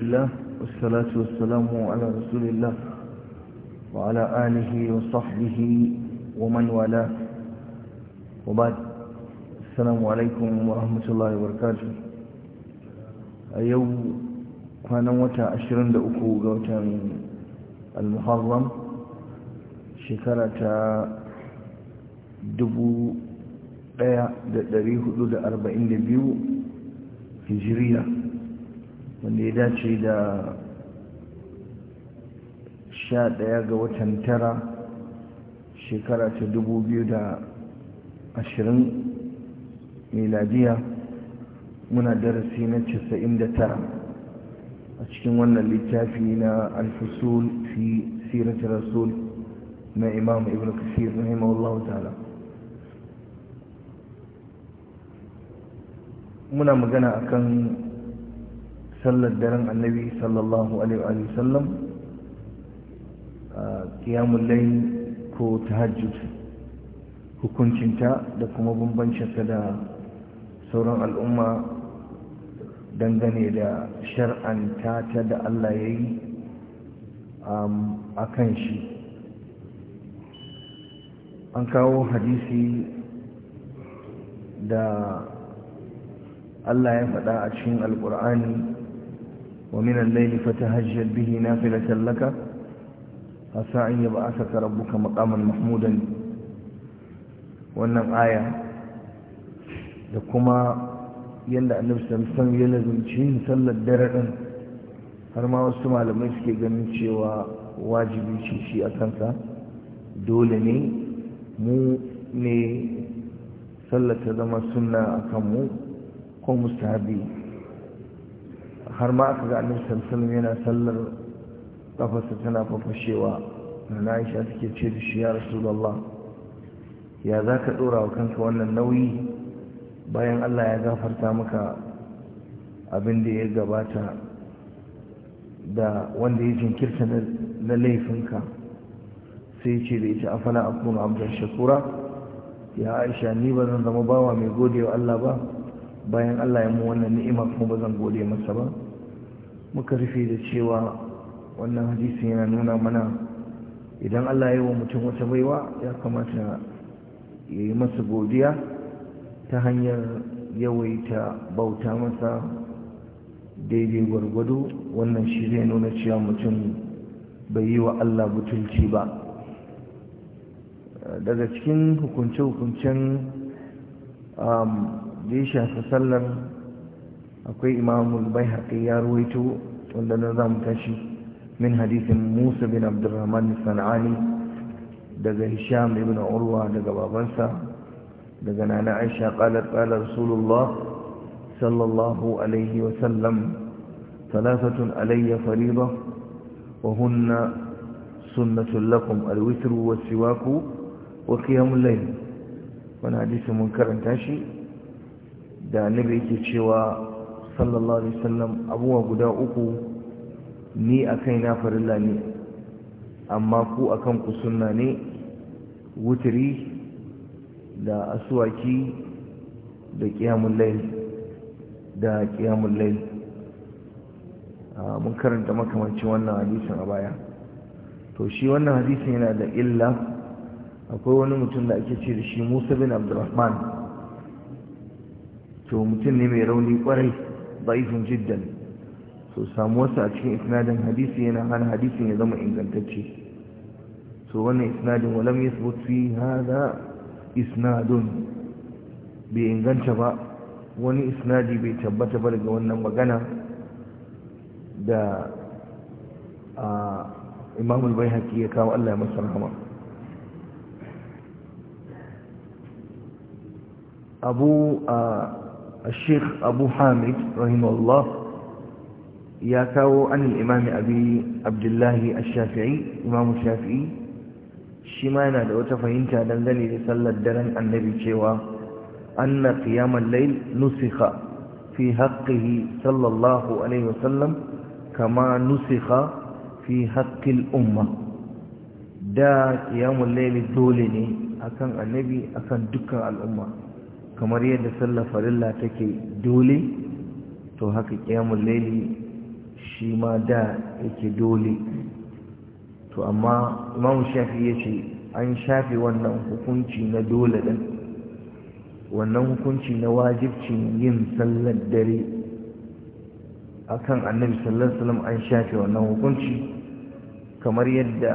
الله والصلاة والسلام على رسول الله وعلى آله وصحبه ومن والاه وبعد السلام عليكم ورحمة الله وبركاته أيوم كان وتا عشرين دقوة وتا المحرم شكرة دبو ɗaya da ɗari hudu da arba'in da biyu hijiriya wanda ya dace da sha ɗaya ga watan tara shekara ta dubu biyu da ashirin miladiya muna darasi na casa'in da tara a cikin wannan littafi na alfusul fi sirat rasul na imam ibn kasir Allah ta'ala muna magana akan sallar daren annabi sallallahu alaihi wasallam kiyamun ah, layi ko tahajjud hukuncinta da kuma bambancinta da sauran al'umma dangane da shar'anta ta da Allah ya yi a kan shi an kawo hadisi da Allah ya faɗa a cikin alƙur'ani ومن الليل فتهجد به نافلة لك عسى أن يبعثك ربك مقاما محمودا wannan aya da kuma yadda annabi samson ya lazumci yin sallar dare ɗin har ma wasu malamai suke ganin cewa wajibi ce shi a kansa dole ne mu ne sallar ta zama sunna a kanmu ko mustahabi har ma aka ga annabi sallallahu yana sallar kafarsa tana fafashewa na Aisha take ce da shi ya Rasulullah ya zaka ka wa kanka wannan nauyi bayan Allah ya gafarta maka abin da ya gabata da wanda ya jinkirta na laifinka sai ce da ita a afala akunu abdan shakura ya aisha ni ba zan zama bawa mai gode wa Allah ba bayan Allah ya mu wannan ni'ima kuma ba zan gode masa ba muka rufe da cewa wannan hadisi yana nuna mana idan Allah ya yi wa mutum wata baiwa ya kamata ya yi masa godiya ta hanyar yawaita bauta masa daidai gwargwado wannan shi zai nuna cewa mutum bai yi wa Allah butulci ba daga cikin hukunce-hukuncen um, da ya shafi sallar akwai imamul bayhaqi ya ruwaito wanda na zamu tashi min hadisin musa bin abdurrahman sanani daga hisham ibn urwa daga babansa daga nana aisha qalat qala rasulullah sallallahu alaihi wa sallam thalathatun alayya fariida wa hunna sunnatun lakum alwitr wa siwaku wa qiyamul layl wannan hadisi mun karanta shi da annabi yake cewa sallallahu alaihi wasallam abubuwa guda uku ni a na farilla ne amma ku a kanku sunna ne wutiri da asuwaki da ƙiyamun lail da mun karanta makamancin wannan hadisin a baya to shi wannan hadisin yana da illa akwai wani mutum da ake ce da shi musa bin abdulrahman to mutum ne mai rauni kwarai da'ifun jiddan so samuwarsa a cikin isnadin hadisi yana hana hadisin ya zama ingantacce so wannan isnadin walam yasbut fi hadha isnadun bai inganta ba wani isnadi bai tabbata ba daga wannan magana da imam al-baihaqi ya kawo Allah ya masa rahama abu الشيخ أبو حامد رحمه الله ياكاو عن الإمام أبي عبد الله الشافعي إمام الشافعي شمانا لو تفهمت دنزلي لسلة درن النبي شوى أن قيام الليل نسخ في حقه صلى الله عليه وسلم كما نسخ في حق الأمة دا قيام الليل دولني أكن النبي أكن دكا الأمة kamar yadda sallar farilla take dole to haka ƙyamun laili shi ma da yake dole to amma imamu shafi ya ce an shafe wannan hukunci na dole ɗin wannan hukunci na wajibcin yin sallar dare akan annabi sallallahu alaihi wasallam an shafe wannan hukunci kamar yadda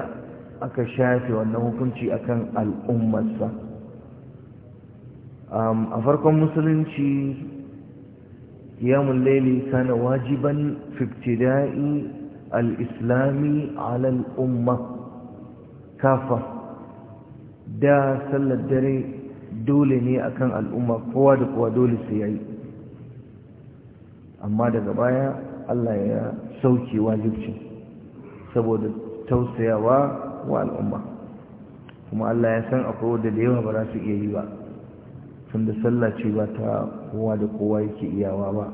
aka shafe wannan hukunci akan al'ummarsa Um, a farkon musulunci kiyamun laili kana wajiban fiftida'i al-islami alal umma kafa da sallar dare dole ne akan al'umma kowa da kowa dole su yayi amma daga baya Allah ya sauke wajibci, saboda tausayawa wa al'umma kuma Allah ya san akwai wadda da yawa ba za su iya yi ba tunda sallah ce ba ta kowa da kowa yake iyawa ba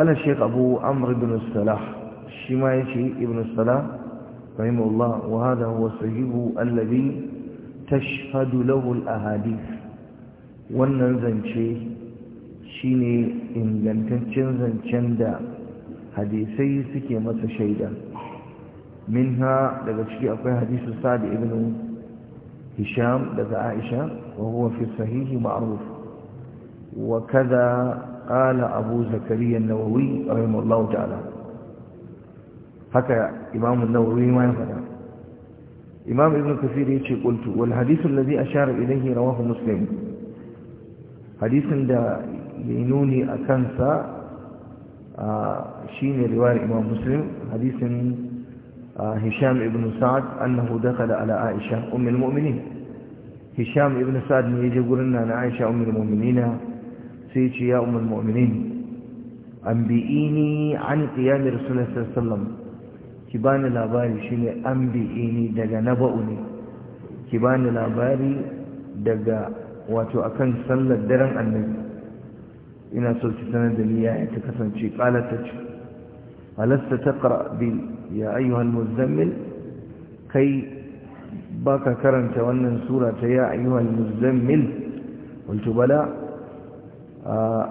ala sheikh abu amr ibn salah shi ma yace ibn salah Allah. wa hada huwa sahihu alladhi tashhadu lahu al-ahadith wannan zance shine ingantaccen zancen da hadisai suke masa shaida minha daga ciki akwai hadisu sa'ad ibn هشام لدى عائشة وهو في الصحيح معروف وكذا قال أبو زكريا النووي رحمه الله تعالى haka imamu nawawi ma ya faɗa imam ibn kafir yace qultu wal hadith alladhi ashara ilayhi rawahu muslim hadisin da nuni a kansa shine riwayar imam muslim hadisin هشام ابن سعد أنه دخل على عائشة أم المؤمنين هشام ابن سعد يجي يقول لنا أنا عائشة أم المؤمنين سيتي يا أم المؤمنين أنبئيني عن قيام رسول الله صلى الله عليه وسلم كبان الأباري شيني أنبئيني دقى نبأني كبان الأباري دقى واتو أكن صلى الدرن النبي إنا سلسة سنة دليا يتكسن شيء قالت تجي ألست تقرأ بي يا أيها المزمل كي باك كرنت وأن سورة يا أيها المزمل قلت بلى آه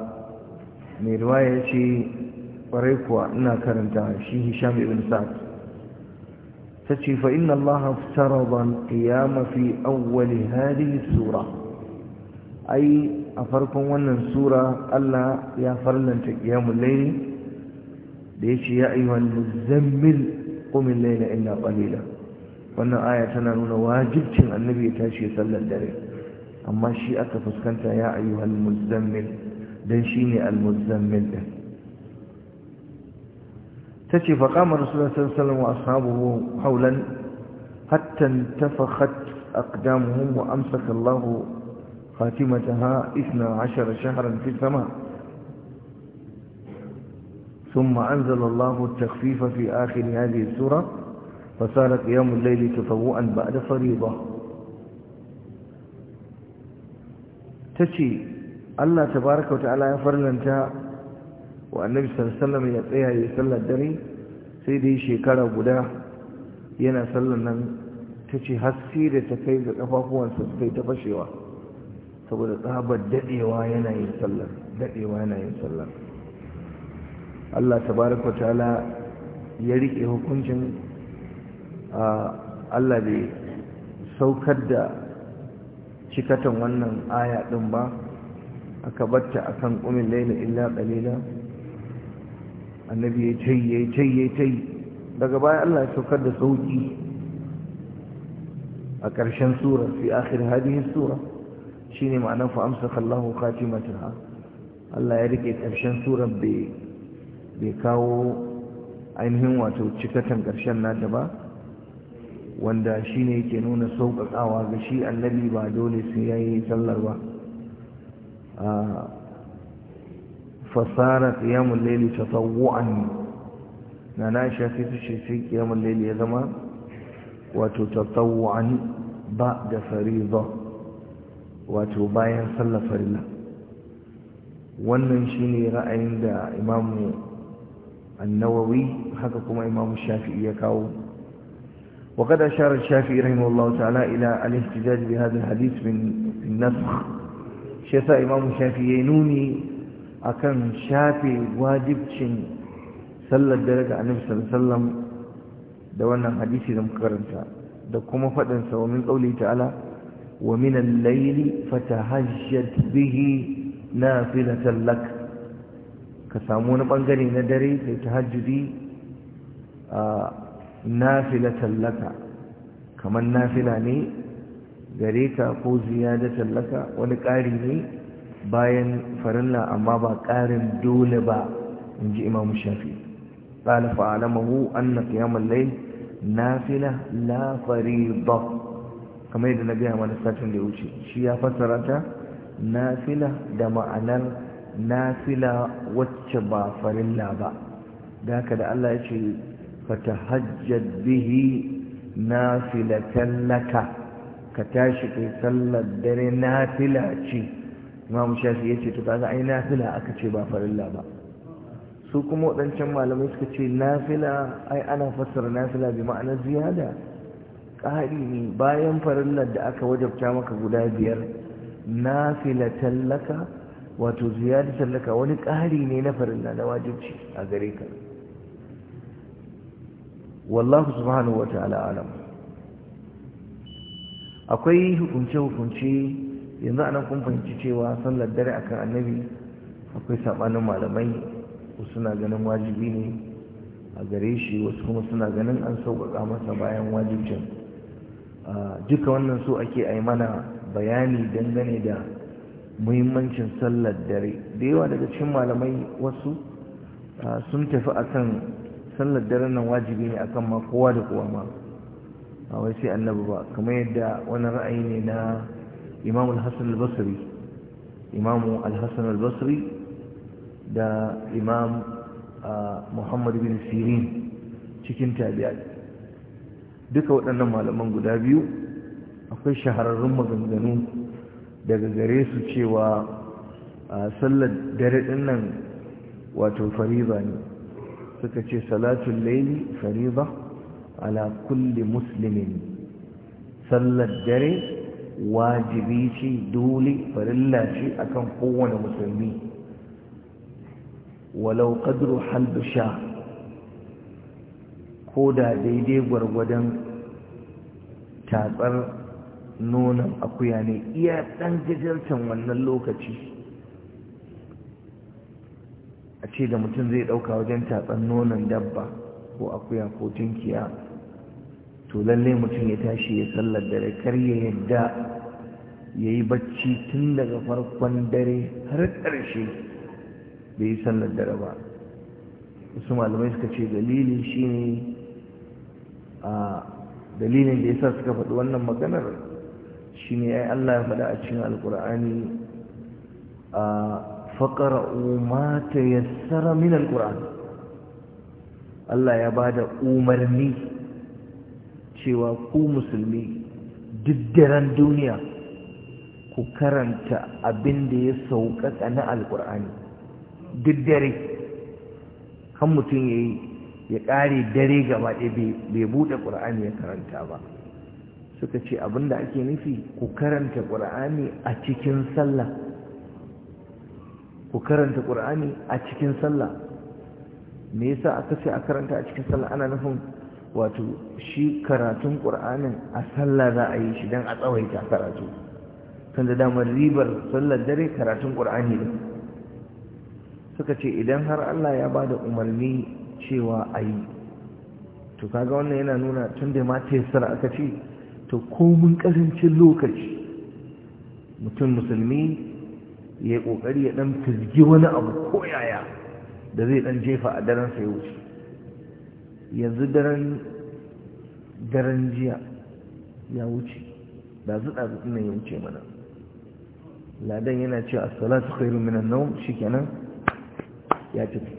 من رواية وريكوا إنا كرنت شي هشام بن سعد تشي فإن الله افترض القيام في أول هذه السورة أي أفركم وأن سورة ألا يا فرلن قيام الليل ليش يا أيها المزمل قم الليل إلا قليلا وأن آية تنانون واجبت النبي تاشي صلى الله أما شيء أكفز كنت يا أيها المزمل دنشيني المزمل تشي فقام الرسول صلى الله عليه وسلم وأصحابه حولا حتى انتفخت أقدامهم وأمسك الله خاتمتها اثنا عشر شهرا في الثمان ثم أنزل الله التخفيف في آخر هذه السورة فصار قيام الليل تطوعا بعد فريضة تشي الله تبارك وتعالى يفرل انت والنبي صلى الله عليه وسلم يطيها يسلى الدري سيدي شكرا بدا ينا سلنا تشي هسيرة تكيد الأفافوان سكي تفشيوا saboda tsabar daɗewa yana yin sallar daɗewa yana yin sallar Allah tabaraka ta'ala ya rike hukuncin Allah bai saukar da cikatan wannan aya ɗin ba aka batta kan ƙumin laila illa ƙalila annabi ya ta'i, ya ta'i, ya ta'i. daga baya Allah ya saukar da sauki a ƙarshen sura fi akhir hadhihi sura shine ma'anar fa'amsa amsaka Allahu khatimataha Allah ya rike ƙarshen sura bai bai kawo ainihin wato cikatan ƙarshen nata ba wanda shi ne yake nuna sauƙaƙawa ga shi annabi ba dole sai ya yi sallar ba A fasara ƙiyamun laili ta na na shi ya fi shi sai ƙiyamun laili ya zama wato ta ba da fariza wato bayan sallar farilla wannan shi ne ra'ayin da imamu النووي حقكم إمام الشافعي يكاو وقد أشار الشافعي رحمه الله تعالى إلى الاحتجاج بهذا الحديث من النسخ شيخ إمام الشافعي نوني أكن شافي واجب شن صلى الدرجة عن النبي صلى الله عليه وسلم دوانا حديثي لم كرنتا دكما فدنسا ومن قوله تعالى ومن الليل فتهجد به نافلة لك ka samu wani bangare na dare ta hajjudi a nafila tallaka kamar nafila ne gare ta ko ziyada tallaka wani ƙari ne bayan farilla amma ba ƙarin dole ba in ji imamu shafi ƙala an anna qiyamul lai nafila la ba kamar yadda na biya mana satin da ya wuce shi ya fassara ta nafila da ma'anar nafila wacce ba farilla ba da haka da Allah ya ce hajjar bihi nafilatan laka ka tashi kai sallar dare nafila ce imam shafi ya ce to kaga ai nafila aka ce ba farilla ba su kuma waɗancan malamai suka ce nafila ai ana fassara nafila bi ma'anar ziyada ƙari ne bayan farillar da aka wajabta maka guda biyar nafila tallaka wato ziyadatar sallaka wani ƙari ne na farilla na wajibci a gare ka wallahu subhanahu wata'ala alam akwai hukunce-hukunce yanzu anan kun fahimci cewa sallar dare akan annabi akwai sabanin malamai wasu na ganin wajibi ne a gare shi wasu kuma suna ganin an sauƙaƙa masa bayan wajibcin ah, duka wannan so ake a mana bayani dangane da muhimmancin sallar dare da yawa daga cikin malamai wasu ah, sun tafi akan sallar dare nan wajibi ne akan ma kowa da kowa ma ba wai sai annabi ba kamar yadda wani ra'ayi ne na imam al-hasan al-basri imamu al al-basri da imam ah, muhammad bin sirin cikin tabi'a duka waɗannan malaman guda biyu akwai shahararrun maganganu daga gare su cewa sallar dare ɗinnan, wato fariza ne suka ce salatun laili fariza ala kulli muslimin sallar dare wajibi ce dole farilla ce akan kowane musulmi walau qadru halbisha ko da daidai gwargwadon tatsar nonon akuya ne iya ɗan gajarcen wannan lokaci a ce da mutum zai ɗauka wajen tatsan nonon dabba ko akuya ko tunkiya to lallai mutum ya tashi ya sallar dare kar ya yadda ya yi bacci tun daga farkon dare har ƙarshe bai yi sallar dare ba wasu malamai suka ce dalili shine a dalilin da ya sa suka faɗi wannan maganar shi ne ya Allah ya faɗa a cikin alƙur'ani a faƙara umata ya tsara min alƙur'ani Allah ya ba da umarni cewa ku musulmi diddaren duniya ku karanta abin da ya sauƙaƙa na alƙur'ani diddare kan mutum ya yi ya ƙare dare gaba ɗaya bai buɗe ƙur'ani ya karanta ba suka ce abinda ake nufi ku karanta ƙur'ani a cikin sallah ku karanta ƙur'ani a cikin sallah me yasa aka ce a karanta a cikin sallah ana nufin wato shi karatun ƙur'anin a sallah za a yi shi don a tsawaita karatu da damar ribar sallar dare karatun ƙur'ani ne suka ce idan har Allah ya ba da umarni cewa ayi to kaga wannan yana nuna tun da ma tesar aka ce Ta komin kasancin lokaci mutum musulmi ya yi ƙoƙari ya ɗan fizgi wani abu ko yaya da zai ɗan jefa a daren sai ya wuce yanzu daren daren jiya ya wuce da zuɗa ne ya wuce mana ladan yana cewa assalatu khairu minan nawm shikenan ya tafi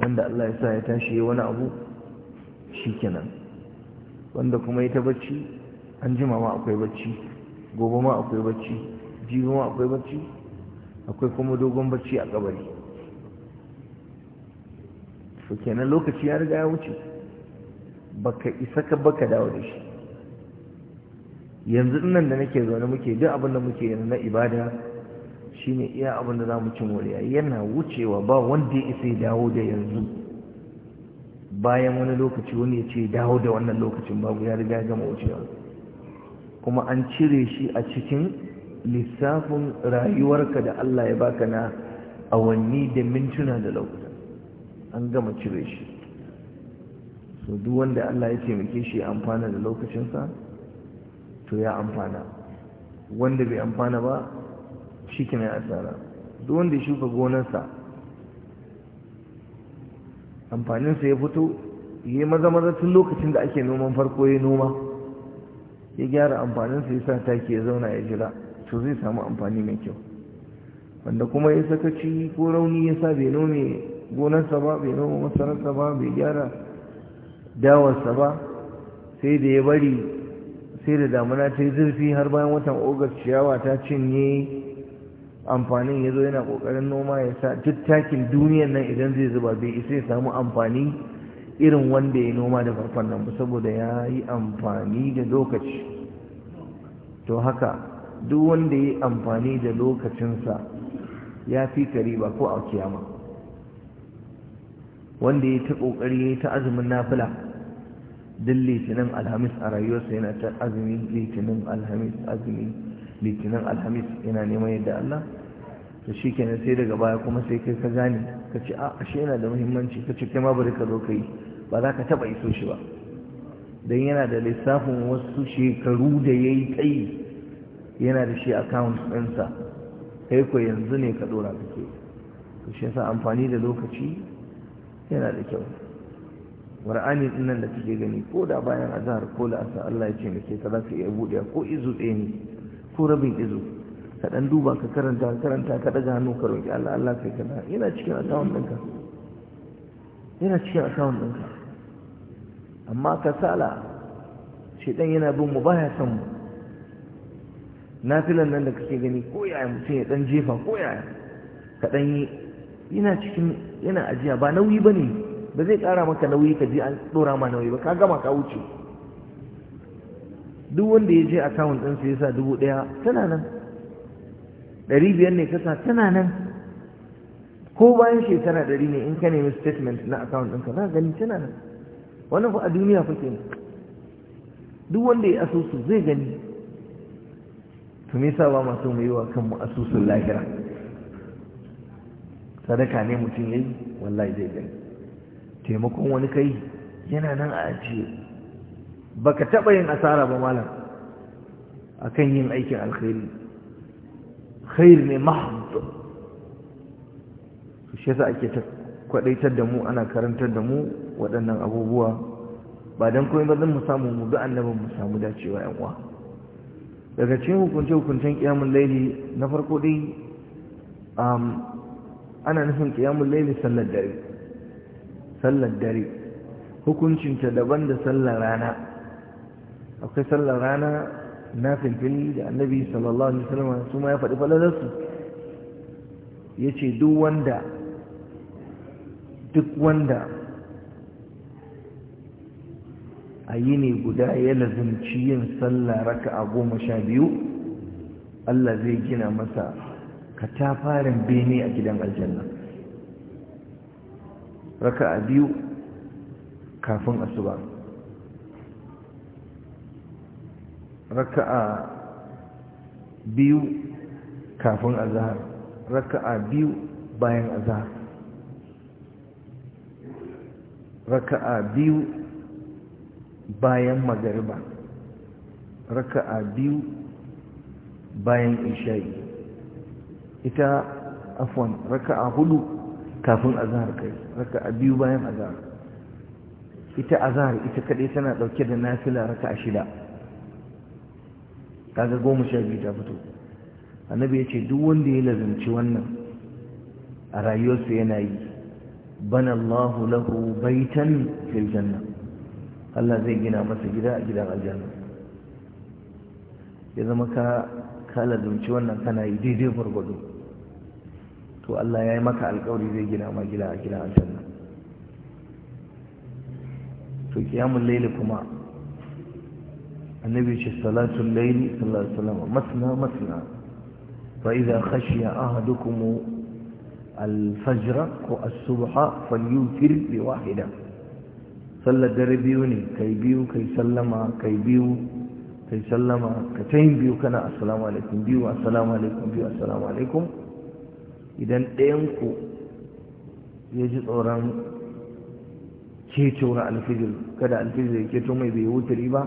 wanda Allah ya sa ya tashi wani abu shikenan wanda kuma ya ta bacci an jima ma akwai bacci gobe ma akwai bacci jibi ma akwai bacci akwai kuma dogon bacci a kabari so kenan lokaci ya riga ya wuce baka isa ka baka dawo da shi yanzu nan da nake zaune muke duk abin da muke yana na ibada shine iya abin da za mu ci moriya yana wucewa ba wanda ya isa ya dawo da yanzu bayan wani lokaci wani ya ce dawo da wannan lokacin babu ya riga gama wucewa kuma an cire shi a cikin lissafin rayuwarka da Allah ya baka na awanni da mintuna da lokuta an gama cire shi so duk wanda Allah ya taimake shi amfana da lokacinsa to ya amfana wanda bai amfana ba shi kina asara duk wanda ya shuka gonarsa amfaninsa ya fito yi maza maza tun lokacin da ake noman farko ya noma ya gyara amfaninsa ya sa taki ya zauna ya jira to zai samu amfani mai kyau wanda kuma ya sakaci ko rauni ya sa bai nome gonarsa ba bai noma masararsa ba bai gyara dawarsa ba sai da ya bari sai da damuna ta yi zurfi har bayan watan ogas ciyawa ta cinye amfanin ya zo yana kokarin noma ya sa tattakin duniyan nan idan zai zuba bai isa ya samu amfani irin wanda ya noma da farkon nan saboda ya yi amfani da lokaci to haka duk wanda ya yi amfani da lokacinsa ya fi ba ko a kiyama wanda ya ta kokari ya yi ta azumin nafila duk litinin alhamis a rayuwarsa yana ta azumin litinin alhamis azumin. litinin alhamis yana neman yadda Allah ta shi kenan sai daga baya kuma sai kai ka gane ka ce a ah, ashe yana da muhimmanci ka ce kai ma bari ka zo ka yi ba za ka taba iso shi ba don yana da lissafin wasu shekaru da ya yi kai yana da shi account ɗinsa kai ko yanzu ne ka ɗora ka ke ka shi yasa amfani da lokaci yana da kyau wara'ani din nan da kake gani ko da bayan azhar ko la'asa Allah ya ce ka za ka iya buɗe ko izu ɗaya ne ko rabin izo ka dan duba ka karanta karanta ka daga hannu ka roƙi Allah Allah sai ka yana cikin akawun ɗinka ina cikin akawun ɗinka amma kasala shedan yana bin mu baya son mu nafilan nan da kake gani ko yaya mutum ya dan jefa ko yaya ka dan yi yana cikin yana ajiya ba nauyi bane ba zai kara maka nauyi ka ji an dora ma nauyi ba ka gama ka wuce duk wanda ya je akawun ɗinsa ya sa dubu ɗaya tana nan ɗari biyar ne kasa tana nan ko bayan shekara ɗari ne in ka nemi statement na akawun ɗinka na gani tana nan wannan fa a duniya fa ne? duk wanda ya asusu zai gani to me yasa ba ma so mu yi wa kanmu asusun lahira sadaka ne mutum yi wallahi zai gani taimakon wani kai yana nan a ajiye baka taba yin asara ba malam akan yin aikin alkhairi khair ne mahd shi yasa ake ta kwadaitar da mu ana karantar da mu waɗannan abubuwa ba don komai ba zan mu samu mu ga annabin mu samu dacewa yan uwa daga cikin hukunce hukuncen kiyamul laili na farko dai ana nufin kiyamul laili sallar dare sallar dare hukuncinta daban da sallar rana akwai sallar rana na filfili da annabi sallallahu alaihi wasallam su ma ya faɗi falalarsu ya ce duk wanda duk wanda a yi ne guda ya lazumci yin sallah raka a goma sha biyu Allah zai gina masa katafarin bene a gidan aljanna raka a biyu kafin asuba raka'a biyu kafin azhar raka'a biyu bayan azhar raka'a biyu bayan magariba raka'a biyu bayan isha'i ita afwan raka'a hudu kafin azhar kai raka'a biyu bayan azhar ita azhar ita kadai tana dauke da nafila raka'a shida kaga goma sha biyu ta fito annabi ya ce duk wanda ya lazimci wannan a rayuwarsa yana yi bana Allahu lahu baitan fil janna Allah zai gina masa gida a gidan aljanna ya zama ka ka lazimci wannan kana yi daidai gwargwado to Allah ya yi maka alkawari zai gina ma gida a gidan aljanna to kiyamun laili kuma النبي في صلاة الليل صلى الله عليه وسلم مثنى مثنى فإذا خشي أحدكم الفجر والصبح فليوتر بواحدة صلى دربيوني كي بيو كي سلم كي بيو كي سلم كتين بيو كان السلام عليكم بيو السلام عليكم بيو السلام عليكم إذا ɗayanku ya ji tsoron ceto na alfijir kada alfijir ya ceto mai bai wutari ba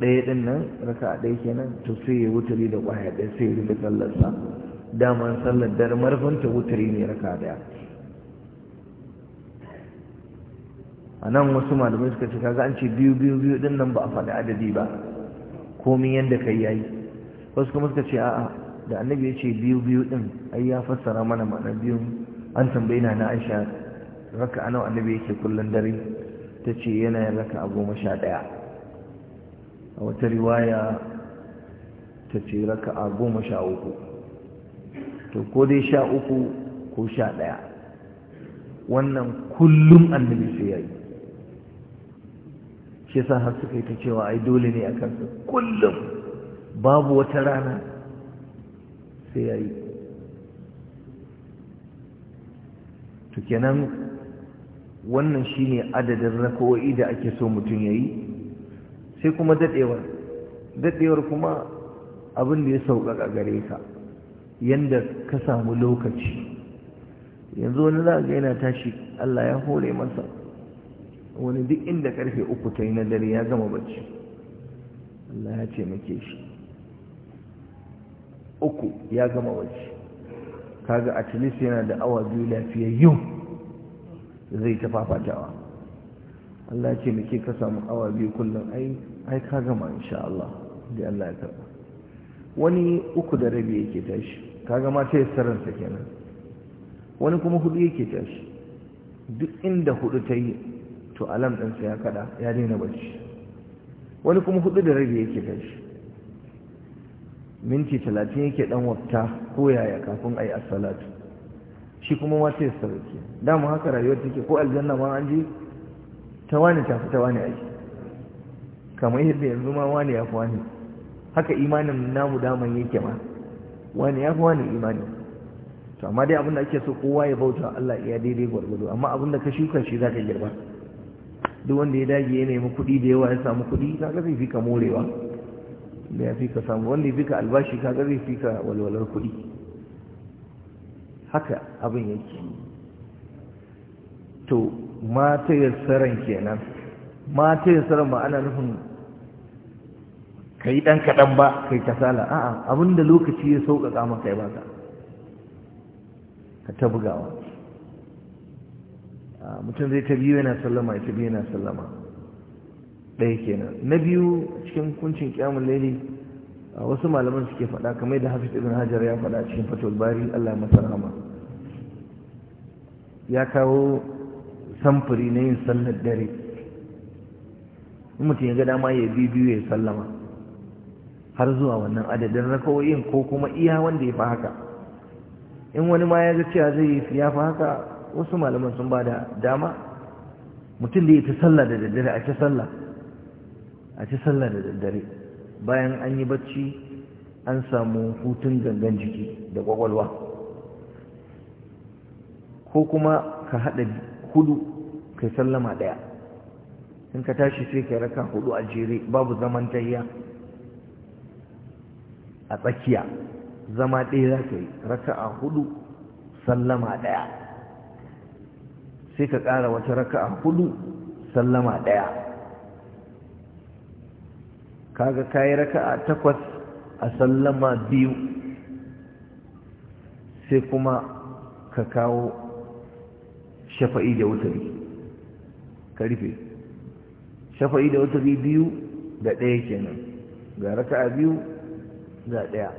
ɗaya ɗin nan raka ɗaya kenan to sai ya wutari da ƙwaya ɗaya sai ya rufe sallarsa daman sallar da dare ta wutari ne raka ɗaya a nan wasu malamai suka ce kaga an ce biyu biyu biyu ɗin nan ba a faɗi adadi ba komi yadda kai yayi wasu kuma suka ce a'a da annabi ya ce biyu biyu ɗin ai ya fassara mana ma'ana biyun an tambayi na na aisha raka nawa annabi yake kullum dare ta ce yana yin raka a goma sha ɗaya a wata riwaya ta ce raka'a goma sha uku to ko dai sha uku ko sha ɗaya wannan kullum annabi sai ya yi shi sa har suka yi ta cewa ai dole ne a kansa kullum babu wata rana sai ya yi to kenan wannan shine adadin raka'o'i da ake so mutum ya yi sai kuma daɗewar daɗewar kuma abin da ya sauƙaƙa gare ka yadda ka samu lokaci yanzu wani za ga yana tashi Allah ya hore masa wani duk inda karfe uku ta yi na dare ya gama bacci Allah ya ce muke shi uku ya gama bacci kaga at yana da awa biyu yau zai ta fafatawa Allah ce muke ka samu awa biyu kullum ai ai ka gama insha Allah da Allah ya karba wani uku da rabi yake tashi ka gama ta yassaran sa kenan wani kuma hudu yake tashi duk inda hudu ta yi to alam ɗinsa ya kada ya daina bacci wani kuma hudu da rabi yake tashi minti talatin yake dan wafta ko yaya kafin a yi salatu shi kuma ma sai sarki dama haka rayuwar take ko aljanna ma an je ta wani tafi ta wani aiki kamar yadda yanzu ma wani ya fi wani haka imanin namu daman yake ma wani ya fi wani imani to amma dai abinda ake so kowa ya bauta Allah iya daidai gwargwado amma abinda ka shuka shi za ka girba duk wanda ya dage ya nemi kuɗi da yawa ya samu kuɗi kaga zai fi ka morewa da ya fi ka samu wanda ya fi ka albashi kaga zai fi ka walwalar kuɗi haka abin yake to mata yassaran kenan mata yassaran ba ana nufin ka yi kadan ba kai kasala a'a abinda lokaci ya sauƙaƙa maka ya baka ka ta bugawa mutum zai ta biyu yana sallama ya ta biyu yana sallama ɗaya kenan na biyu cikin kuncin kyamun laili wasu malaman suke faɗa kamar da hafiz ibn hajar ya faɗa cikin fatul bari allah masa ya kawo samfuri na yin sallar dare mutum ya ga dama ya bi biyu ya sallama har zuwa wannan adadin rakawoyin ko kuma iya wanda ya fi haka in wani ma ya ga cewa zai yi ya fi haka wasu malaman sun ba da dama mutum da ya ta sallah da daddare a ci sallah a ci sallah da daddare bayan an yi bacci an samu hutun gangan jiki da kwakwalwa ko kuma ka haɗa hudu kai sallama ɗaya in ka tashi sai ka raka hudu a jere babu zaman tayya a tsakiya zama ɗaya za ka yi raka a hudu sallama ɗaya sai ka ƙara wata raka a hudu sallama ɗaya kaga ka yi raka a takwas a sallama biyu sai kuma ka kawo shafa'i da wutari ka rufe shafa'i da wata biyu da ɗaya kenan ga a biyu ga ɗaya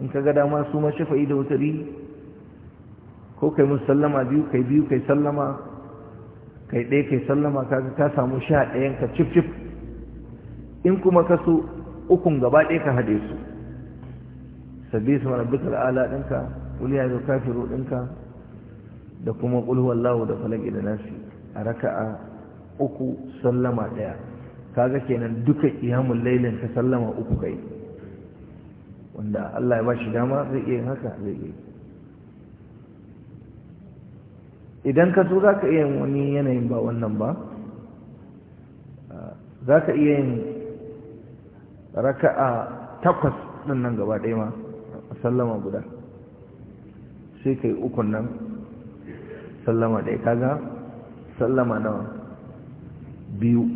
in ka ga dama su ma shafa'i da wata ko kai mun sallama biyu kai biyu kai sallama kai ɗaya kai sallama kaga ka samu sha ɗayan ka cif cif in kuma ka so ukun gaba ɗaya ka haɗe su sabbi su marabbika ala ɗinka kuliya da kafiru ɗinka da kuma ƙulhuwallahu da falaki da nasi a raka'a uku sallama daya kaga kenan duka iyamun lailin ta sallama uku kai wanda Allah ya bashi dama zai iya haka zai iya idan ka zo za iya wani yanayin ba wannan ba za iya yin raka'a takwas din nan gaba ɗaya ma sallama guda sai kai ukun nan sallama ɗaya kaga sallama nawa biyu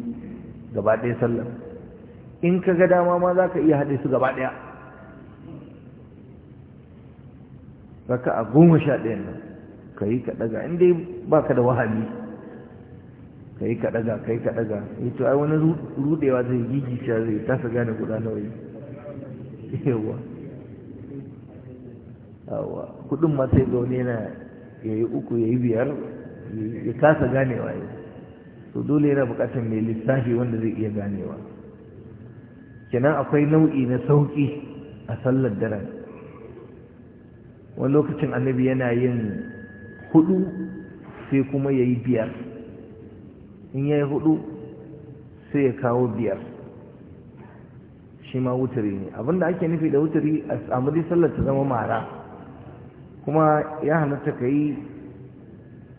gaba ɗaya sallar in ka ga dama ma za ka iya haɗe su gaba ɗaya raka a goma sha ɗaya nan ka yi ka ɗaga in dai ba ka da wahali ka yi ka ɗaga ka yi ka ɗaga eh to ai wani rudewa zai gigice zai tasa gane guda nawa yi yawa awa kudin ma sai na ya yi uku ya yi biyar ya kasa ganewa yau to dole yana buƙatar mai lissafi wanda zai iya ganewa kenan akwai nau'i na sauƙi a sallar daren wani lokacin annabi yana yin hudu sai kuma ya yi biyar in ya yi hudu sai ya kawo biyar shi ma wutari ne abinda ake nufi da wutari a samu sallar ta zama mara kuma ya halatta ka yi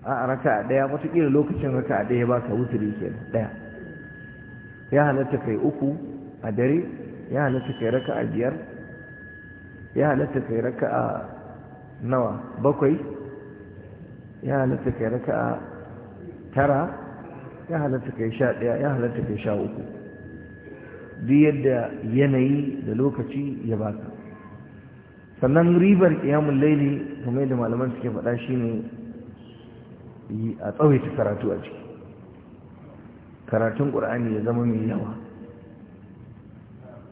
a raka ɗaya wataƙila lokacin raka ɗaya ba ka wuturi ke ɗaya ya halatta kai uku a dare ya halatta kai raka a biyar ya halatta kai raka a nawa bakwai ya halatta kai raka a tara ya halatta kai sha daya ya halatta kai sha uku duk yadda yanayi da lokaci ya baka sannan ribar ƙiyamun laili kuma yadda malaman suke faɗa shine yi a tsawaita karatu a ciki karatun ƙur'ani ya zama mai yawa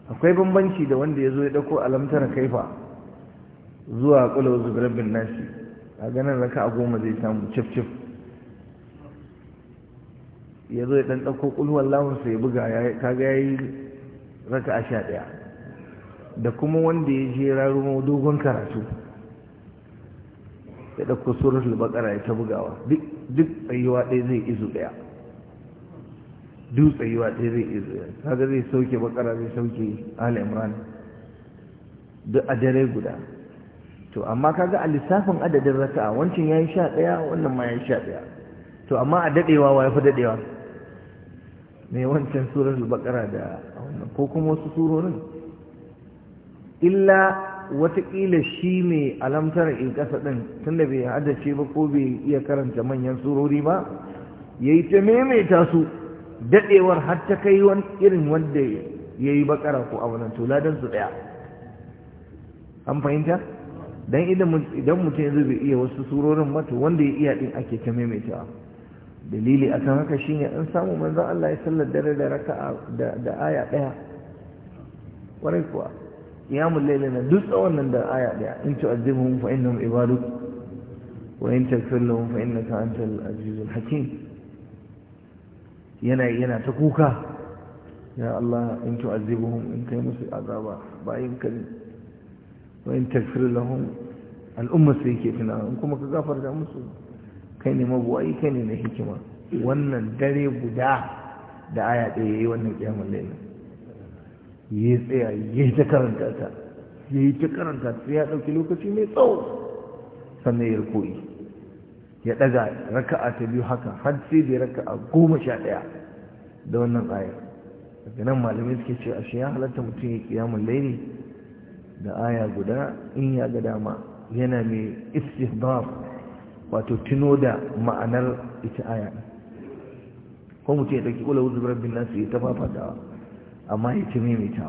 akwai bambanci da wanda ya zo ya ɗauko alamtar kaifa zuwa ƙulawar bin nasi a ganin raka a goma zai samu cif-cif ya zo ya ɗan ɗauko ƙulwar lawansa ya buga kaga ya yi raka a sha ɗaya da kuma wanda ya je rarumo dogon karatu ya ɗauko suratul bakara ya ta bugawa duk tsayuwa ɗaya zai izu ɗaya duk tsayuwa ɗaya zai izu ɗaya kaga zai sauke bakara zai sauke ali imran duk a dare guda to amma kaga a lissafin adadin raka'a wancan yayi sha ɗaya wannan ma yayi sha ɗaya to amma a daɗewa wa ya fi daɗewa? ne wancan suratul bakara da wannan ko kuma wasu surorin illa wataƙila shi ne alamtar in kasa ɗin da bai haddace ba ko bai iya karanta manyan surori ba ya yi ta maimaita su daɗewar har ta kai wani irin wanda ya yi bakara ko tula don su ɗaya an fahimta don idan mutum yanzu bai iya wasu surorin ba to wanda ya iya ɗin ake ta maimaita dalili akan haka shine an samu manzan Allah ya sallar dare da raka'a da aya ɗaya ƙwarai qiyamul layl duk tsawon nan da aya daya in tu'azzibhum fa innahum ibaduk wa in taghfir lahum fa innaka antal azizul hakim yana yana ta kuka ya Allah in tu'azzibhum in kai musu azaba bayin ka wa in taghfir lahum al'umma sai yake tunawa in kuma ka gafarta musu kai ne mabuwai kai ne na hikima wannan dare guda da aya ɗaya yi wannan kiyamun lailin ya tsaya ya yi ta karanta ta ya yi ta karanta ta ya ɗauki lokaci mai tsawo sannan ya koyi ya ɗaga raka'a ta biyu haka har sai da raka'a goma sha ɗaya da wannan ayar daga nan malamai suke ce ashe ya halatta mutum ya kiyamun laili da aya guda in ya ga dama yana mai istihdar wato tuno da ma'anar ita aya ko mutum ya ɗauki ƙula wuzu na nasu ya ta fafatawa amma ya maimaita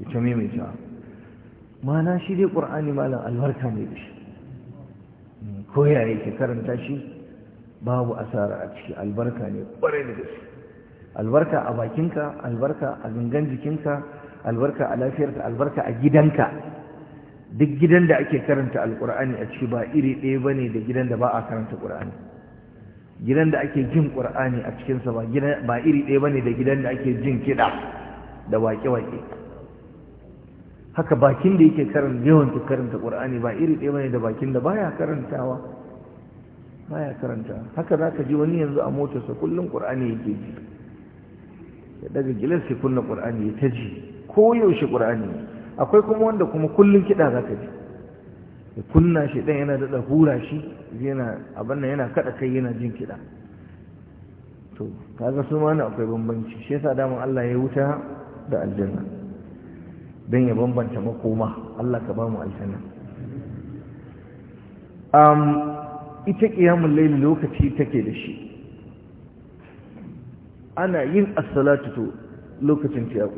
ya ta maimaita mana shi dai ƙur'ani malam albarka ne da shi ko ya yake karanta shi babu asara a ciki albarka ne ƙwarai da gaske albarka a bakinka albarka a gangan jikinka albarka a lafiyarka albarka a gidanka duk gidan da ake karanta alƙur'ani a ciki ba iri ɗaya ba ne da gidan da ba a karanta ƙur'ani gidan da ake jin ƙur'ani a cikinsa ba iri ɗaya ba ne da gidan da ake jin kiɗa da waƙe-waƙe haka bakin da yake karanta karanta ƙur'ani ba iri ɗaya bane da bakin da baya karantawa baya karanta haka za ka ji wani yanzu a motarsa kullum ƙur'ani yake ji ya daga gilas ya kunna ƙur'ani ya ta ji ko yaushe ƙur'ani akwai kuma wanda kuma kullum kiɗa za ka ji ya kunna shi ɗan yana daɗa hura shi yana abin nan yana kaɗa kai yana jin kiɗa to kaga su ma akwai bambanci shi yasa daman Allah ya yi wuta da aljanna don ya bambanta makoma Allah ka ba mu aljanna ita ƙiyamun laili lokaci take da shi ana yin asalatu to lokacin ta ya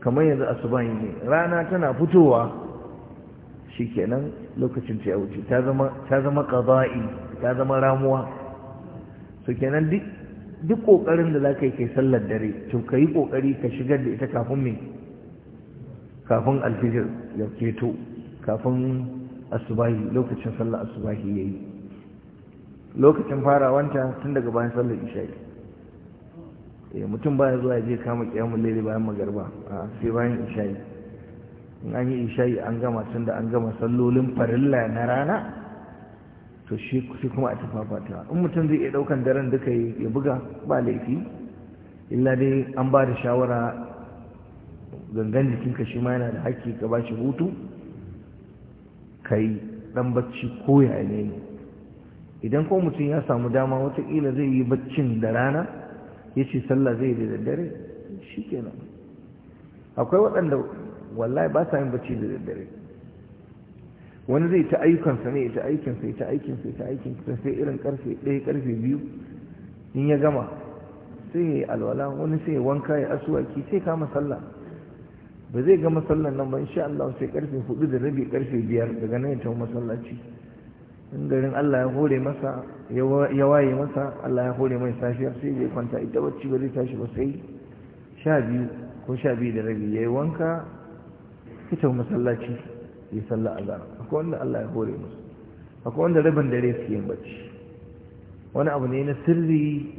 kamar yanzu yin ne rana tana fitowa shikenan lokacin ta ya wuce ta zama ƙaba'i ta zama ramuwa so kenan duk duk ƙoƙarin da za ka yi kai sallar dare to ka yi ƙoƙari ka shigar da ita kafin me kafin alfijir ya keto kafin asubahi lokacin sallar asubahi ya yi lokacin wanta tun daga bayan sallar isha'i eh, mutum baya zuwa ya je kama kiyamun lele bayan magarba a sai bayan isha'i in an yi isha'i an gama tun da an gama sallolin farilla na rana to shi kuma a tafa fafatawa in mutum zai iya ɗaukan daren duka ya buga ba laifi illa dai an ba da shawara gangan jikinka shi ma yana da haƙƙi ka ba shi hutu ka yi ɗan bacci ko ya ne idan ko mutum ya samu dama watakila zai yi baccin da rana ya ce sallah zai da daddare shi kenan akwai waɗanda wallahi ba sa yin bacci da daddare wani zai ta ayyukansa ne ta aikinsa ta aikinsa ta aikinsa sai irin karfe ɗaya karfe biyu in ya gama sai ya yi alwala wani sai ya wanka ya asuwaki sai kama sallah ba zai gama sallan nan ba insha Allah sai karfe hudu da rabi karfe biyar daga nan ya tafi masallaci in garin Allah ya hore masa ya waye masa Allah ya hore mai safiyar sai zai kwanta ita bacci ba zai tashi ba sai sha biyu ko sha biyu da rabi ya yi wanka fitar masallaci ya sallah azhar akwai wanda Allah ya hore musu akwai wanda rabin dare su yin bacci wani abu ne na sirri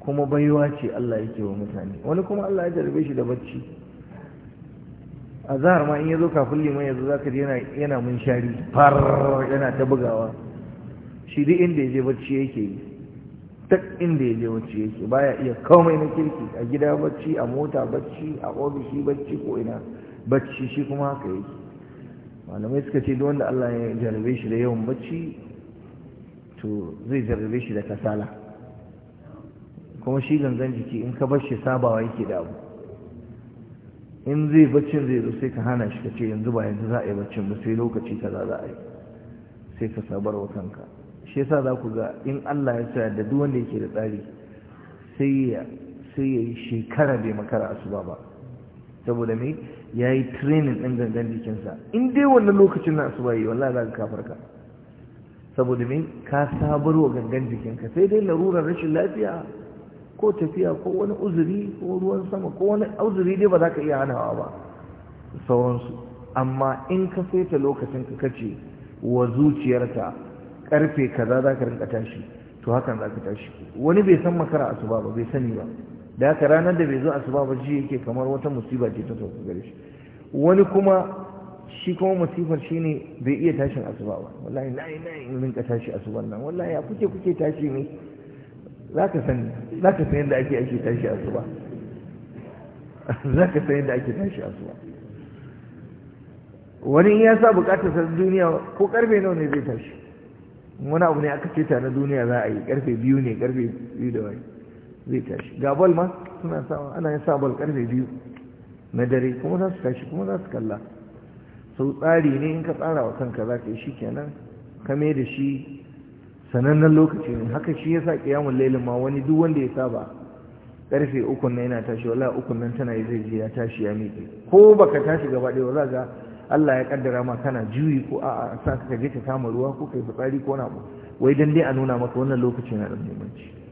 kuma baiwa ce Allah yake wa mutane wani kuma Allah ya jarabe shi da bacci a zahar ma in ya zo kafin liman yanzu za ka ji yana munshari far yana ta bugawa shi duk inda ya je bacci yake yi duk inda ya je bacci yake baya iya komai na kirki a gida bacci a mota bacci a ofishi bacci ko ina bacci shi kuma haka yake malamai suka ce duk wanda Allah ya jarabe shi da yawan bacci to zai jarabe shi da kasala kuma shi gangan jiki in ka bashi sabawa yake da abu in zai baccin zai zo sai ka hana shi ka ce yanzu ba yanzu za a yi baccin ba sai lokaci ka za a yi sai ka sabar wa kanka shi yasa za ku ga in Allah ya tsaya da duk wanda yake da tsari sai ya sai ya yi shekara bai makara asuba ba saboda me ya yi training ɗin gangan jikinsa in dai wannan lokacin na asuba yi wallahi za ka kafarka saboda me ka sabar wa gangan jikinka sai dai larurar rashin lafiya ko tafiya ko wani uzuri ko ruwan sama ko wani uzuri dai ba za ka iya hanawa ba sauransu amma in ka saita lokacin ka kace wa zuciyarta karfe kaza za ka rinka tashi to hakan za ka tashi wani bai san makara asuba ba bai sani ba da aka ranar da bai zo asuba ba ji yake kamar wata musiba ce ta sauka gare shi wani kuma shi kuma musibar shi ne bai iya tashin asuba ba wallahi na yi na yi rinka tashi asuban nan wallahi ya kuke kuke tashi ne za ka san yadda ake ake tashi asuba za ka san yadda ake tashi asuba wani ya sa bukatar sa duniya ko karfe nawa ne zai tashi wani abu ne aka ce ta na duniya za a yi karfe biyu ne karfe biyu da wani zai tashi ga ma suna ana yin sabon karfe biyu na dare kuma za su tashi kuma za su kalla sau tsari ne in ka tsara wa kanka za ka yi shi kenan ka mai da shi sanannen lokaci ne haka shi ya yasa kiyamun lailin ma wani duk wanda ya saba karfe ukun nan yana tashi wala ukun nan tana zai je ya tashi ya miƙe ko baka tashi gaba ɗaya za ga Allah ya kaddara ma kana juyi ko a sa ka je ka kama ruwa ko kai fitsari ko na wai dan dai a nuna maka wannan lokaci na da muhimmanci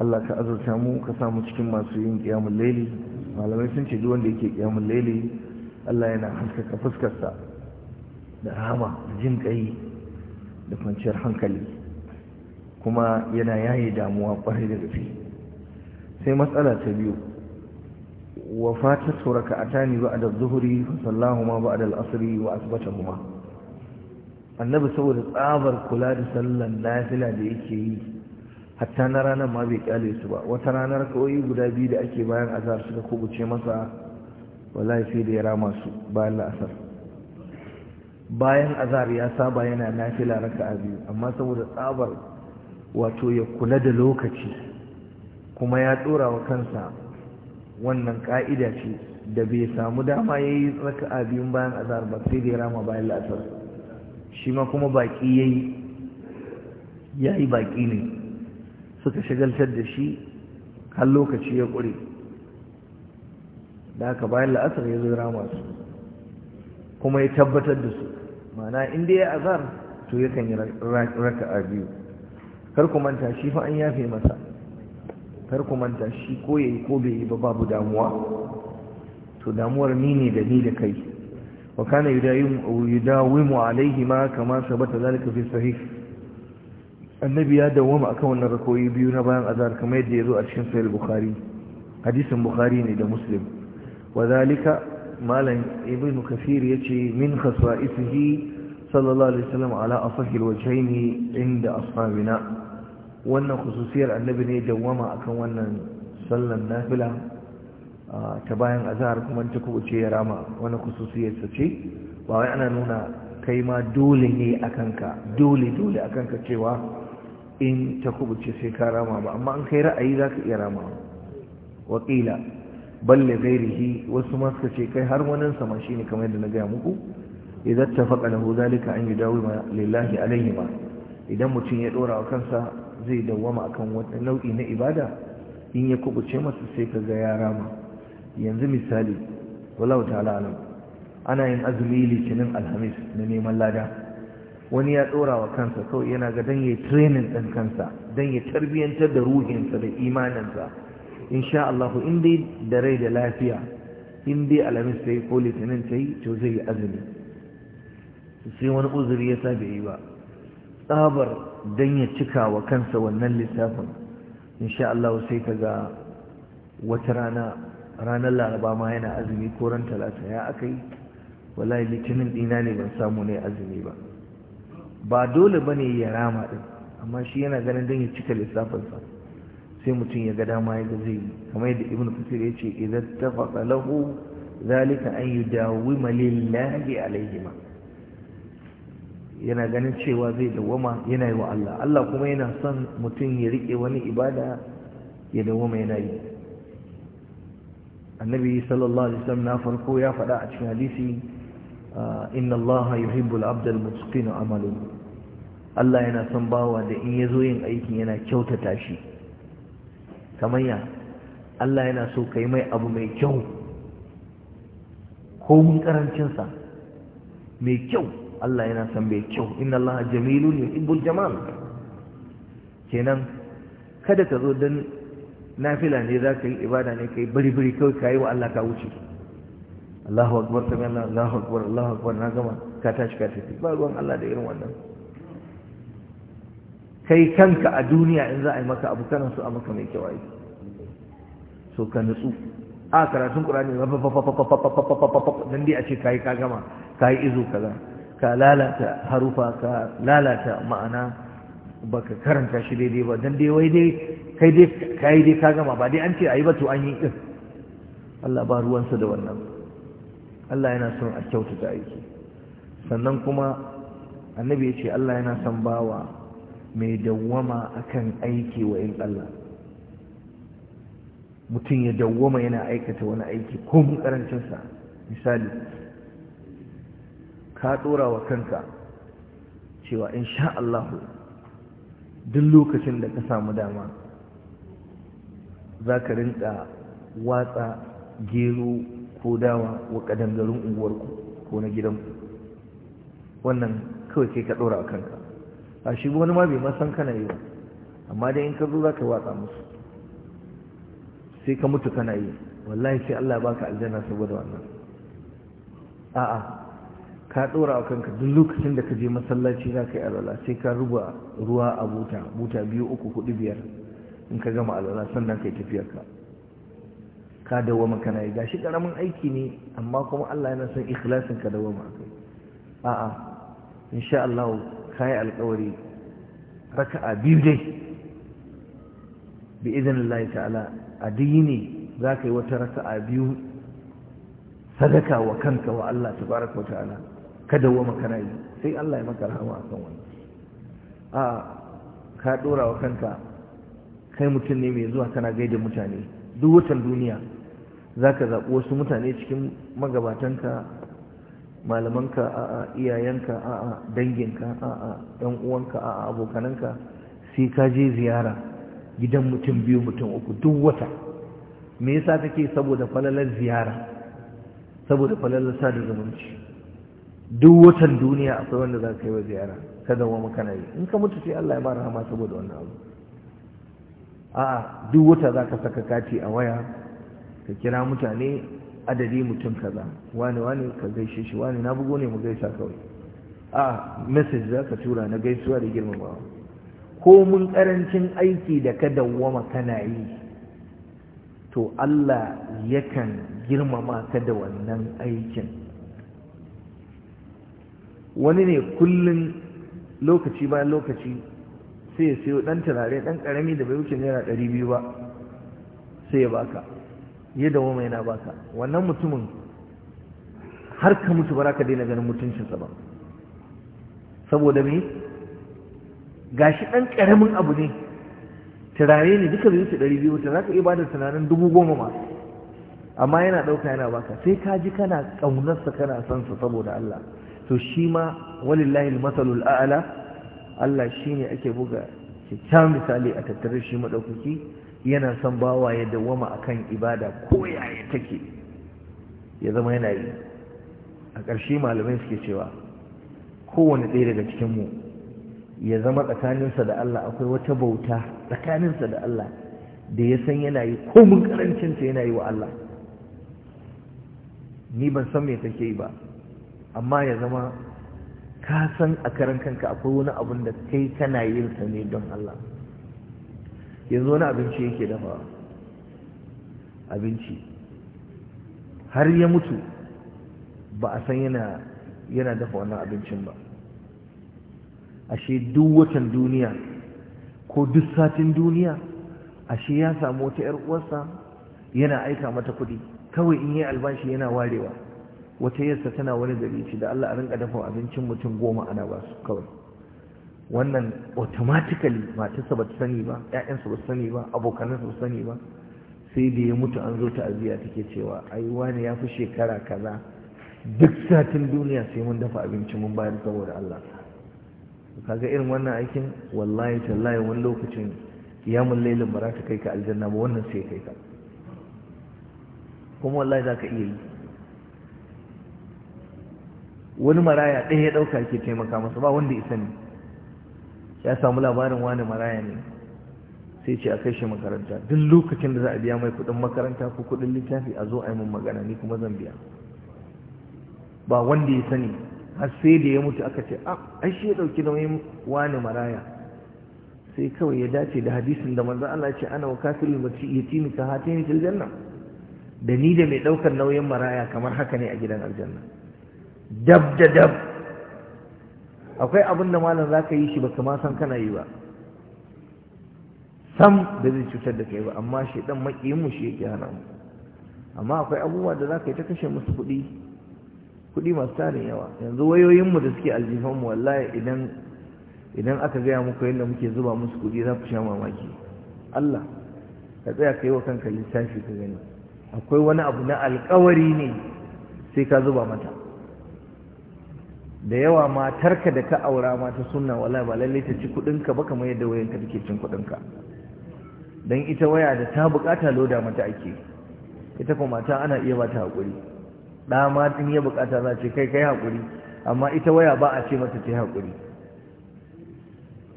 Allah ka azurta mu ka samu cikin masu yin ƙiyamun laili malamai sun ce duk wanda yake ƙiyamun laili Allah yana haskaka fuskarsa da rahama da jin kai da kwanciyar hankali kuma yana yaye damuwa kwarai da gaske sai matsala ta biyu wa fata fatat raka'atani ba da zuhuri fa sallahuma ba da asri wa asbatahuma annabi saboda tsabar kula da sallan nafila da yake yi hatta na ranar ma bai kyale su ba wata ranar kawai guda biyu da ake bayan azar suka kubuce masa wallahi sai da ya rama su bayan la'asar bayan azar ya saba yana nafila raka a biyu amma saboda tsabar wato ya kula da lokaci kuma ya dora wa kansa wannan ka'ida ce da bai samu dama ya yi raka a biyun bayan azar ba sai da ya rama bayan la'asar shi ma kuma baƙi ya yi ya ne suka shagaltar da shi har lokaci ya ƙuri da aka bayan la'asar ya zo rama kuma ya tabbatar da su mana inda ya azar to yakan yi raka a biyu kar shi fa an yafe masa kar ku shi ko yi ko bai yi ba babu damuwa to damuwar ni ne da ni da kai wa kana dawimu alaihi ma kama sabata zalika fi sahih annabi ya dawwama akan wannan rakoyi biyu na bayan azhar kamar yadda ya zo a cikin sahih bukhari hadisin bukhari ne da muslim wa zalika malam ibn kathir yace min khasa'isihi sallallahu alaihi wasallam ala asahi inda ashabina wannan khususiyar annabi ne dawwama akan wannan sallan nafila ta bayan azhar kuma ta kubuce ya rama wannan khususiyar sa ce ba wai ana nuna kai ma dole ne akanka dole dole akanka cewa in ta kubuce sai ka rama ba amma an kai ra'ayi za ka iya rama wakila balle gairihi wasu masu ce kai har wani sama shi ne kamar yadda na gaya muku idan ta faƙa lahu zalika an yi dawo lillahi alaihi ma idan mutum ya ɗora wa kansa zai dawwama akan wani nau'i na ibada in ya kubuce masa sai ka ga ya rama yanzu misali wala ta'ala alam ana yin azumi litinin alhamis na neman lada wani ya ɗora wa kansa kawai yana ga don ya trenin ɗin kansa don ya tarbiyyantar da ruhinsa da imaninsa insha Allah in dai da rai da lafiya in dai alamis ta yi ko litinin ta yi to zai yi azumi sai wani uzuri ya sa bai yi ba tsabar don ya cika wa kansa wannan lissafin insha Allah sai ka ga wata rana ranar laraba ma yana azumi ko ran talata ya aka yi wallahi litinin ɗina ne ban samu ne azumi ba ba dole bane ya rama din amma shi yana ganin dan ya cika lissafinsa sai mutum ya ga dama ya zai yi kamar yadda ibnu kasir ya ce idan tafaqa lahu zalika an yudawima lillahi alaihima yana ganin cewa zai dawama yana yi wa Allah Allah kuma yana son mutum ya rike wani ibada ya dawama yana yi annabi sallallahu alaihi wasallam na farko ya faɗa a cikin hadisi inna Allah yuhibbul abdal mutqina amaluhu Allah yana son bawa da in ya zo yin aikin yana kyautata shi kamar ya Allah yana so ka yi mai abu mai kyau ko mun karancinsa mai kyau Allah yana son mai kyau inna Allah jamilun yuhibbul jamal kenan kada ka zo dan nafila ne za ka yi ibada ne ka yi bari bari kawai ka yi wa Allah ka wuce Allahu akbar sami Allah Allahu akbar Allahu akbar na gama ka tashi ka tafi ba ruwan Allah da irin wannan kai kanka a duniya in za a yi maka abu kana so a maka mai kyau aiki so ka nutsu a karatun ƙurani nan dai a ce kayi ka gama kayi izo kaza ka lalata harufa ka lalata ma'ana ka karanta shi daidai ba dan dai wai dai kai dai kayi dai ka gama ba dai an ce ayi ba to an yi din Allah ba ruwansa da wannan Allah yana son a kyautata aiki sannan kuma annabi ya ce Allah yana son bawa mai dawwama akan aiki wa in Allah mutum ya dawwama yana aikata wani aiki ko mun karancinsa misali ka dora wa kanka cewa in sha Allah duk lokacin da ka samu dama za ka rinka watsa gero ko dawa wa kadangarin unguwarku ko na gidanku wannan kawai sai ka dora wa kanka a shi wani ma bai ma san kana yi ba amma dai in ka zo za ka watsa musu sai ka mutu kana yi wallahi sai Allah ya baka aljanna saboda wannan a'a ka dora a kanka duk lokacin da ka je masallaci za ka yi alwala sai ka ruba ruwa a buta buta biyu uku hudu biyar in ka gama alwala sannan ka yi tafiyar ka ka dawwama kana yi gashi karamin aiki ne amma kuma Allah yana son ikhlasin ka dawwama akai a'a insha Allah ka yi alkawari raka'a biyu dai bi izinin ta'ala a dini za ka yi wata raka'a biyu sadaka wa kanka wa Allah tabaraka wa ta'ala kada wa makana yi sai Allah ya maka rahama a kan wani a ka dora wa kanka kai mutum ne mai zuwa kana gaida mutane duk watan duniya za ka zaɓi wasu mutane cikin magabatanka malamanka a iyayenka a'a danginka a'a dan uwanka a'a abokananka sai ka je ziyara gidan mutum biyu mutum uku duk wata me yasa kake saboda falalar ziyara saboda falalar sada zumunci duk watan duniya akwai wanda za ka yi wa ziyara ka zama na yi in ka mutu sai Allah ya ba rahama saboda wannan abu a'a duk wata za ka saka kati a waya ka kira mutane adadi mutum kaza wani wani ka gaishe shi wani na bugo ne mu gaisa kawai a message za ka tura na gaisuwa da girmamawa ko mun karancin aiki da ka dawwama kana yi to Allah yakan girmama ka da wannan aikin wani ne kullun lokaci bayan lokaci sai ya sayo ɗan turare ɗan ƙarami da bai wuce naira ɗari biyu ba sai ya baka ya wa mai na ka, wannan mutumin har ka mutu ba ka daina ganin mutuncinsa ba saboda me gashi ɗan ƙaramin abu ne turare ne duka biyu wuce ɗari biyu wata za ka iya bada tunanin dubu goma ma amma yana ɗauka yana baka sai ka ji kana ƙaunarsa kana son sa saboda Allah to shi ma walillahi masalul a'ala Allah shi ne ake buga kyakkyawan misali a tattare shi maɗaukaki yana son bawa ya dawama akan ibada ko yaya take ya zama yana yi a ƙarshe malamai suke cewa kowane ɗaya daga cikinmu ya zama tsakaninsa da Allah akwai wata bauta tsakaninsa da Allah da ya san yana yi ko mun karancinta yana yi wa Allah ni ban san me take yi ba amma ya zama ka san a karan kanka akwai wani abun da kai kana yin sa ne don Allah yanzu wani abinci yake dafa abinci har ya mutu ba a san yana yana dafa wannan abincin ba ashe duk watan duniya ko duk satin duniya ashe ya samu wata 'yar uwarsa yana aika mata kuɗi kawai in yi albashi yana warewa wata yarsa tana wani gari da Allah a rinka dafa abincin mutum goma ana ba su kawai wannan automatically matarsa ba ta sani ba ƴaƴansa ba su sani ba abokanansa ba su sani ba sai da ya mutu an zo ta ta'aziyya take cewa ai wani ya fi shekara kaza duk satin duniya sai mun dafa abinci mun bayar saboda Allah kaga irin wannan aikin wallahi tallahi wani lokacin kiyamun lailin ba ta kai ka aljanna ba wannan sai kai ka kuma wallahi za iya yi wani maraya ɗaya ya ɗauka ke taimaka masa ba wanda ya sani ya samu labarin wani maraya ne sai ce a kai shi makaranta duk lokacin da za a biya mai kudin makaranta ko kudin littafi a zo a yi mun magana ni kuma zan biya ba wanda ya sani har sai da ya mutu aka ce a ah, ai shi ya dauki nauyin wani maraya sai kawai ya dace da hadisin da manzo Allah ce ana wakafil muti yatimi ka hatin fil janna da ni da mai daukar nauyin maraya kamar haka ne a gidan aljanna dab da dab akwai abin da malam za ka yi shi ba ma san kana yi ba sam da zai cutar da kai ba amma shi dan makiyin shi yake hana mu amma akwai abubuwa da za ka yi ta kashe musu kuɗi kuɗi masu tarin yawa yanzu wayoyin mu da suke mu wallahi idan idan aka gaya muku yadda muke zuba musu kuɗi za ku sha mamaki Allah ka tsaya ka yi wa kanka lissafi ka gani akwai wani abu na alkawari ne sai ka zuba mata da yawa matarka da ka aura mata sunna wala ba lalle ta ci kudinka ba kamar yadda wayanka take cin kudinka dan ita waya da ta bukata loda mata ake ita kuma mata ana iya ba ta hakuri da ma din ya bukata za ce kai kai hakuri amma ita waya ba a ce mata ta hakuri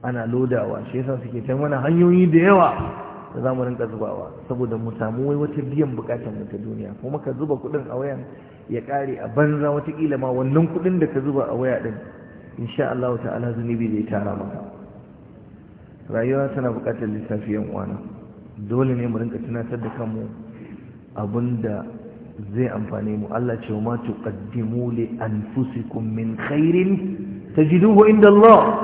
ana lodawa shi yasa suke ta mana hanyoyi da yawa za mu rinka zubawa saboda mu samu wai wata biyan bukatar mu ta duniya kuma ka zuba kuɗin a wayan ya ƙare a banza watakila ma wannan kuɗin da ka zuba a waya ɗin insha Allah ta'ala zunubi zai tara maka rayuwa tana buƙatar lissafi yan uwana dole ne mu rinka tunatar da kanmu abinda zai amfane mu Allah ce ma tuqaddimu li anfusikum min khairin tajiduhu inda Allah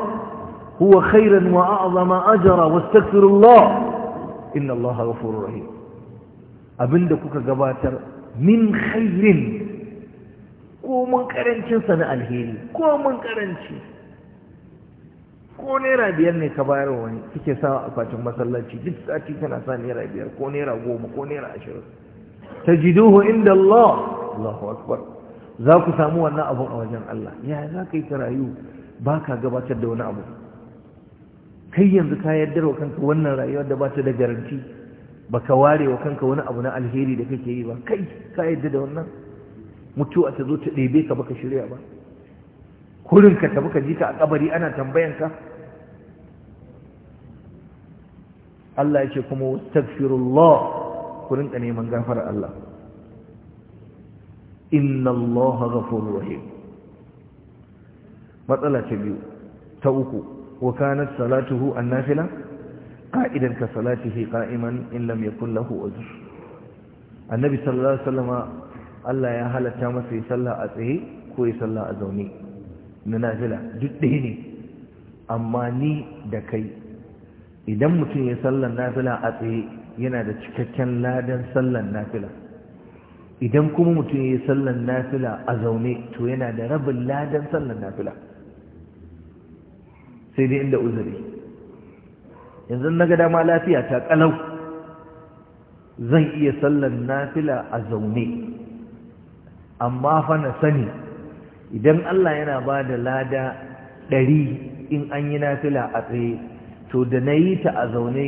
huwa khairan wa a'zama ajra wastaghfirullah inna allaha ghafurur rahim abinda kuka gabatar min khairin ko mun karancin sana na alheri ko mun karanci ko naira biyar ne ka bayar wani kike sa kwacin masallaci duk sati kana sa naira biyar ko naira goma ko naira ashirin tajiduhu inda Allah Allahu akbar za ku samu wannan abu a wajen Allah ya za ka yi ta rayu ba ka gabatar da wani abu kai yanzu ka yardar wa kanka wannan rayuwar da ba ta da garanti ba ka ware wa kanka wani abu na alheri da kake yi ba kai ka yarda da wannan mutuwa ta zo ta ɗebe ka baka shirya ba kurin ka tafi ka ji ka a kabari ana tambayan ka Allah ya ce kuma wastaghfirullah kurin ka neman gafara Allah inna Allah ghafurur rahim matsala ta biyu ta uku وكانت صلاته النافلة قائدا كصلاته قائما إن لم يكن له أجر النبي صلى الله عليه وسلم Allah ya halatta masa ya sallah a tsaye ko yi sallah a zaune nafila duk ɗaya ne amma ni da kai idan mutum ya sallar nafila a tsaye yana da cikakken ladan sallar nafila idan kuma mutum ya sallar nafila a zaune to yana da rabin ladan sallar nafila sai dai inda uzuri yanzu na ga dama lafiya ta kalau zan iya sallan nafila a zaune amma fa na sani idan Allah yana ba da lada ɗari in an yi nafila a tsaye to da na yi ta a zaune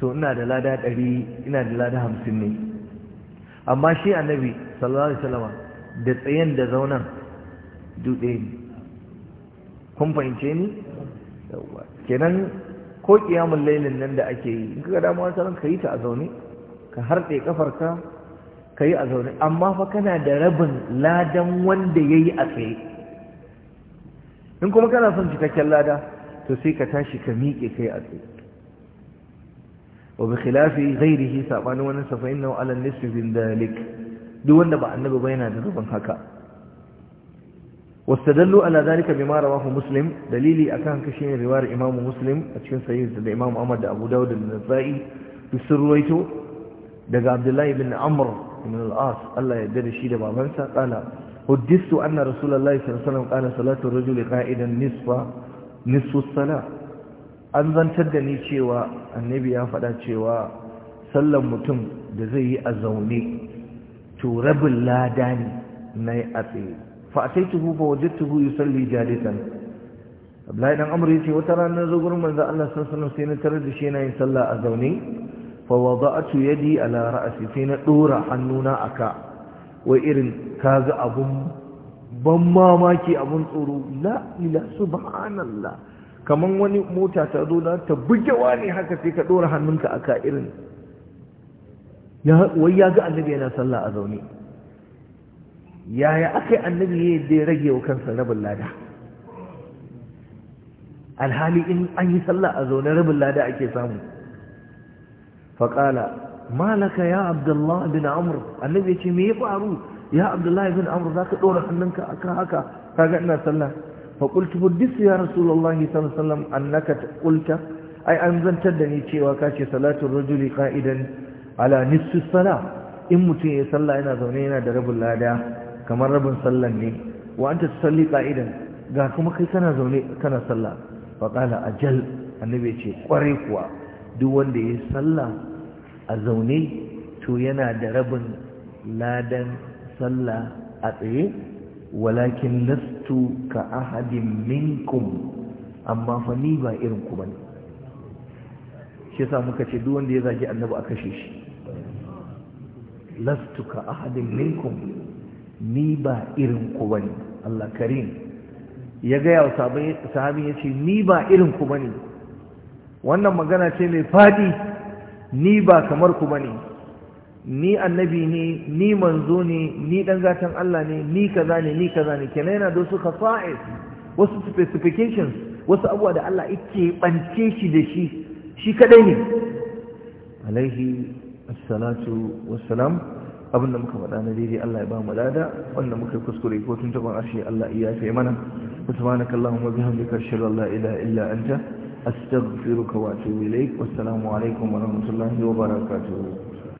to ina da lada ɗari ina da lada hamsin ne amma shi annabi sallallahu alaihi wasallam da tsayen da zaunan duɗe ne kun fahimce ni yawwa kenan ko kiyamun lailin nan da ake yi in kaga dama wata ka yi ta a zaune ka harɗe kafarka ka yi a zaune amma fa kana da rabin ladan wanda ya yi a tsaye in kuma kana son cikakken lada to sai ka tashi ka miƙe kai a tsaye wa bi khilafi ghairihi sabanin wannan safa innahu ala nisfi bin dalik duk wanda ba annabi ba yana da rabin haka واستدلوا على ذلك بما رواه مسلم دليلي أكان كشين روار إمام مسلم أتشين سيد الإمام أحمد أبو داود النسائي يسرويته دقى عبد الله بن عمرو بن العاص الله يدر الشيء لما منسى قال حدثت أن رسول الله صلى الله عليه وسلم قال صلاة الرجل قائدا نصف نصف الصلاة أنظن تدني شيوا النبي أفضل شيوا sallan mutum da zai yi a zaune to rabin lada ne na yi a tsaye fa ataituhu fa wajadtuhu yusalli jalisan Abdullahi dan Amr yace wata rana zo gurin manzo Allah sallallahu alaihi sai na tarar da shi yana yin sallah a zaune fa wada'tu yadi ala ra'si sai na dora hannuna ka? wai irin kaga abun ban mamaki abun tsoro la ila subhanallah kaman wani mota ta zo da ta bugewa ne haka sai ka dora hannunka aka irin wai ya ga annabi yana sallah a zaune yaya aka yi annabi ya da ya rage wa kansa rabin lada alhali in an yi sallah a zaune rabin lada ake samu faƙala malaka ya Abdullahi bin amur annabi ya ce me ya faru ya Abdullahi bin amur za ka ɗora hannunka a kan haka ga ina sallah faƙultu buddisu ya rasulullahi sallallahu alaihi annaka ƙulta ai an zantar da ni cewa ka ce salatun rajuli ka'idan ala nisfi sala in mutum ya sallah yana zaune yana da rabin lada kamar rabin sallan ne wa ta tusalli qa'idan ga kuma kai kana zaune kana sallah fa a jal annabi ce kware kuwa duk wanda ya sallah a zaune to yana da rabin ladan sallah a tsaye walakin lastu ka ahadin minkum amma fa ni ba irin ku bane shi yasa muka ce duk wanda ya zagi annabi a kashe shi lastu ka ahadin minkum ni ba irin ku bane Allah karim ya gaya wa sahabi ya ce ni ba irin ku bane wannan magana ce mai fadi ni ba kamar ku bane ni annabi ne ni manzo ne ni dan gatan Allah ne ni kaza ne ni kaza ne kenan yana da su khasa'is wasu specifications wasu abuwa da Allah yake bance shi da shi shi kadai ne alaihi assalatu wassalam abin muka faɗa na daidai Allah ya ba mu lada wanda muka kuskure ko tun taɓa ashe Allah ya fi mana kallon allahumma bihamdika ashhadu an Allah ilaha illa anta astaghfiruka wa atubu ilaik wassalamu alaikum wa rahmatullahi wa barakatuh